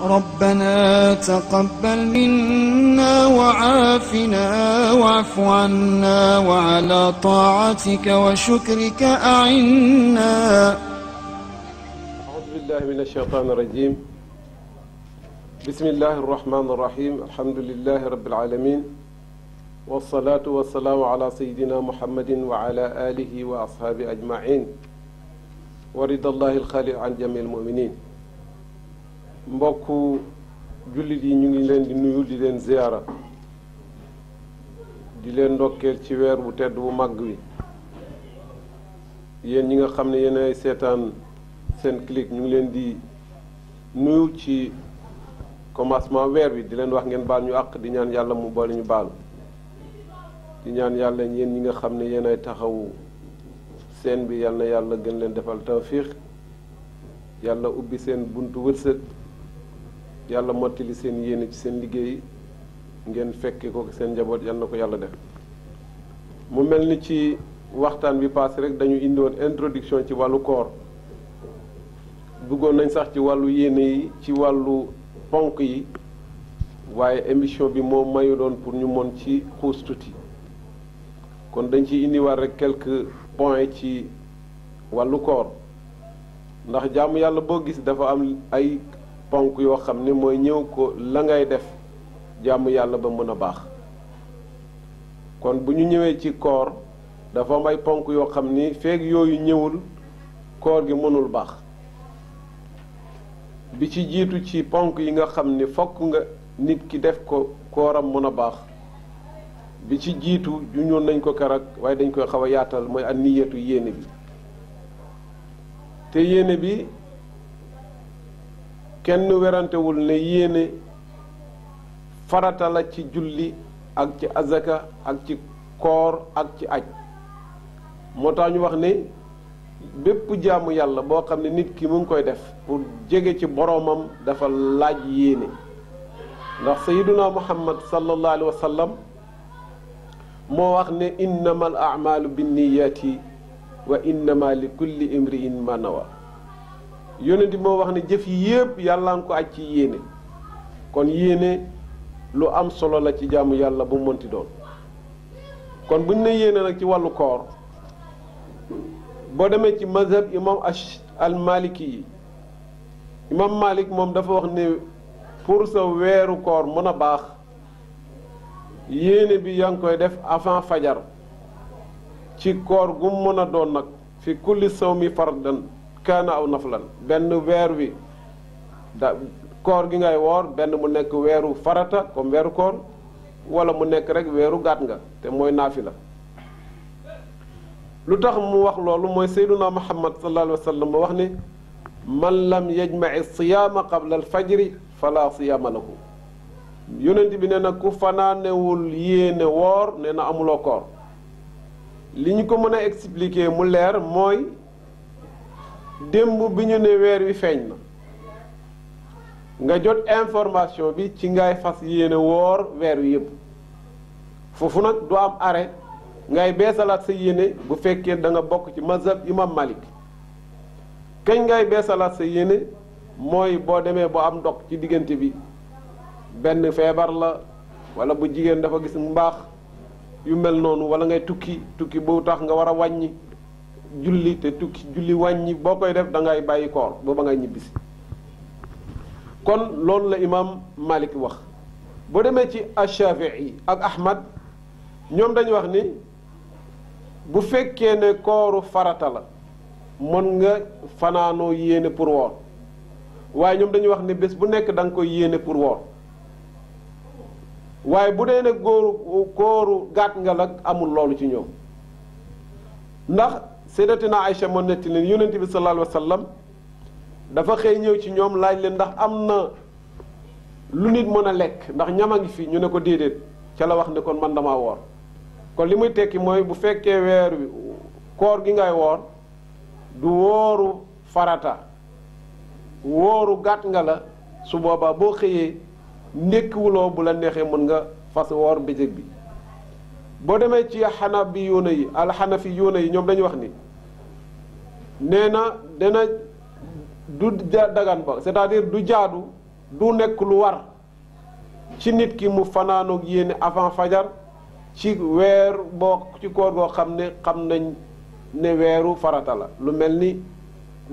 ربنا تقبل منا وعافنا واعف عنا وعلى طاعتك وشكرك أعنا أعوذ بالله من الشيطان الرجيم بسم الله الرحمن الرحيم الحمد لله رب العالمين والصلاة والسلام على سيدنا محمد وعلى آله وأصحابه أجمعين ورد الله الخالق عن جميع المؤمنين mbokk jullit yi ñu ngi leen di nuyu di leen ziyaara di leen ndokkeel ci weer bu tedd bu màgg wi yéen ñi nga xam ne yéen ay seetaan Senclic ñu ngi leen di nuyu ci commencement weer bi di leen wax ngeen baal ñu àq di ñaan yàlla mu boole ñu baal di ñaan yàlla yéen ñi nga xam ne yéen ay taxawu seen bi yàlla yàlla gën leen defal tawfiix yàlla ubbi seen buntu wërsëg yàlla mottali seen yéene ci seen liggéey ngeen fekke ko seen njaboot yàlla na ko yàlla def mu mel ni ci waxtaan bi paase rek dañu indi woon introduction ci wàllu koor bëggoon nañ sax ci wàllu yéene yi ci wàllu ponk yi waaye émission bi moo mayu doon pour ñu mën ci xuus tuuti kon dañ ci indiwaat rek quelques points ci wàllu koor ndax jaamu yàlla boo gis dafa am ay ponk yoo xam ne mooy ñëw ko la ngay def jàmm yàlla ba mën a baax kon bu ñu ñëwee ci koor dafa may ponk yoo xam ni feeg yooyu ñëwul koor gi mënul baax bi ci jiitu ci ponk yi nga xam ni fokk nga nit ki def ko kooram mën a baax bi ci jiitu ju ñoon nañ ko keroog waaye dañ koy xaw a yaatal mooy an niyatu yéene bi te yéene bi kenn werantewul ne yéene farata la ci julli ak ci azaka ak ci koor ak ci aj moo tax ñu wax ne bépp jaamu yàlla boo xam ne nit ki mu koy def pour jege ci boroomam dafa laaj yéene ndax sayiduna muhammad sallallahu alayhi wa sallam moo wax ne innama al amalu binniyaati wa innama li kulli imriin ma nawa di moo wax ne jëf yi yépp yàlla ko aj ci yéene kon yéene lu am solo la ci jaamu yàlla bu mënti doon kon buñ ne yéene nag ci wàllu koor boo demee ci mazhab imam al maliki yi imam malik moom dafa wax ne pour sa weeru koor mën a baax yéene bi yaa ngi koy def avant fajar ci koor gu mën a doon nag fi kulli sawmi fardan kaana aw nafulan benn weer wi da koor gi ngay woor benn mu nekk weeru farata comme weeru koor wala mu nekk rek weeru gàtt nga te mooy la lu tax mu wax loolu mooy sayduna muhammad sallallahu alayhi wax ni man lam yajmaci siyaama qabla alfajri fala siyaama lahu yonent bi nee na ku fanaanewul yéene woor nee na amuloo koor li ñu ko mën a expliquer mu leer mooy démb bi ñu ne weer wi feeñ na nga jot information bi ci ngay fas yéene woor weer wi yëpp foofu nag du am are ngay beesalaat sa yéene bu fekkee da nga bokk ci mazhab imam Malik kañ ngay beesalaat sa yéene mooy boo demee ba am ndox ci diggante bi benn feebar la wala bu jigéen dafa gis mbaax yu mel noonu wala ngay tukki tukki bu tax nga war a wàññi julli te tukki julli wàññi boo koy def dangay ngay bàyyi koor booba ngay ñibbisi kon loolu la imaam Malik wax boo demee ci Ashafii ak Ahmad ñoom dañu wax ni bu fekkee ne kooru farata la mën nga fanaanoo yéene pour woor waaye ñoom dañuy wax ne bés bu nekk danga koy yéene pour woor waaye bu dee ne góoru kooru nga la amul loolu ci ñoom ndax Sayyidatina Aïcha moo netti leen yonent bi sallallahu alayhi wa sallam dafa xëy ñëw ci ñoom laaj leen ndax am na lu nit mën a lekk ndax ñam a ngi fi ñu ne ko déedéet ca la wax ne kon man dama woor kon li muy tekki mooy bu fekkee weer wi koor gi ngay woor du wooru farata wooru gàtt nga la su boobaa boo xëyee ndékkiwuloo bu la neexee mën nga fas woor bëccëg bi boo demee ci xanaa bi yoona yi alxanafi yoona yi ñoom dañu wax ni nee na dena du dagan ba cest du jaadu du nekk lu war ci nit ki mu fanaanoog yéene avant fajar ci weer boo ci koor goo xam ne xam nañ ne weeru farata la lu mel ni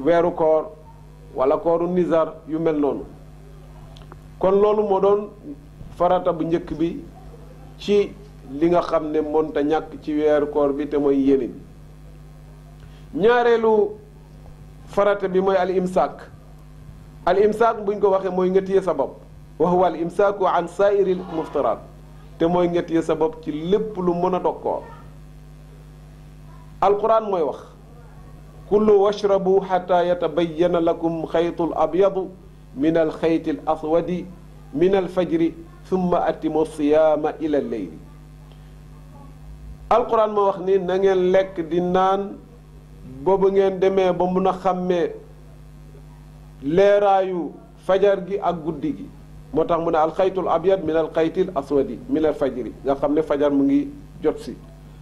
weeru koor wala kooru nizar yu mel noonu kon loolu moo doon farata bu njëkk bi ci li nga xam ne mënta ñàkk ci weeru koor bi te mooy yéene bi ñaareelu farate bi mooy al imsaak al imsaak buñ ko waxee mooy nga téye sa bopp wax wal imsaaku an saairil muftaraat te mooy nga téye sa bopp ci lépp lu mën a dog koor alquran mooy wax kullu washrabu xata yatabayana lakum xaytul abyadu min al xayti l aswadi min al fajri summa atimu siyaama ila leyli alquran moo wax ni na lekk di naan ba ngeen demee ba mun a xàmmee leeraayu fajar gi ak guddi gi moo tax mu ne alxaytul abyad min alxaytil aswadi min alfajri nga xam ne fajar mu ngi jot si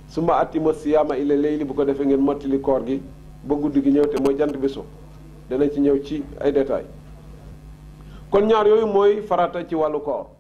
su ma atima siyaama ila leyli bu ko defee ngeen mottali koor gi ba guddi gi ñëw te mooy jant bi so danañ ci ñëw ci ay détails kon ñaar yooyu mooy farata ci wàllu ko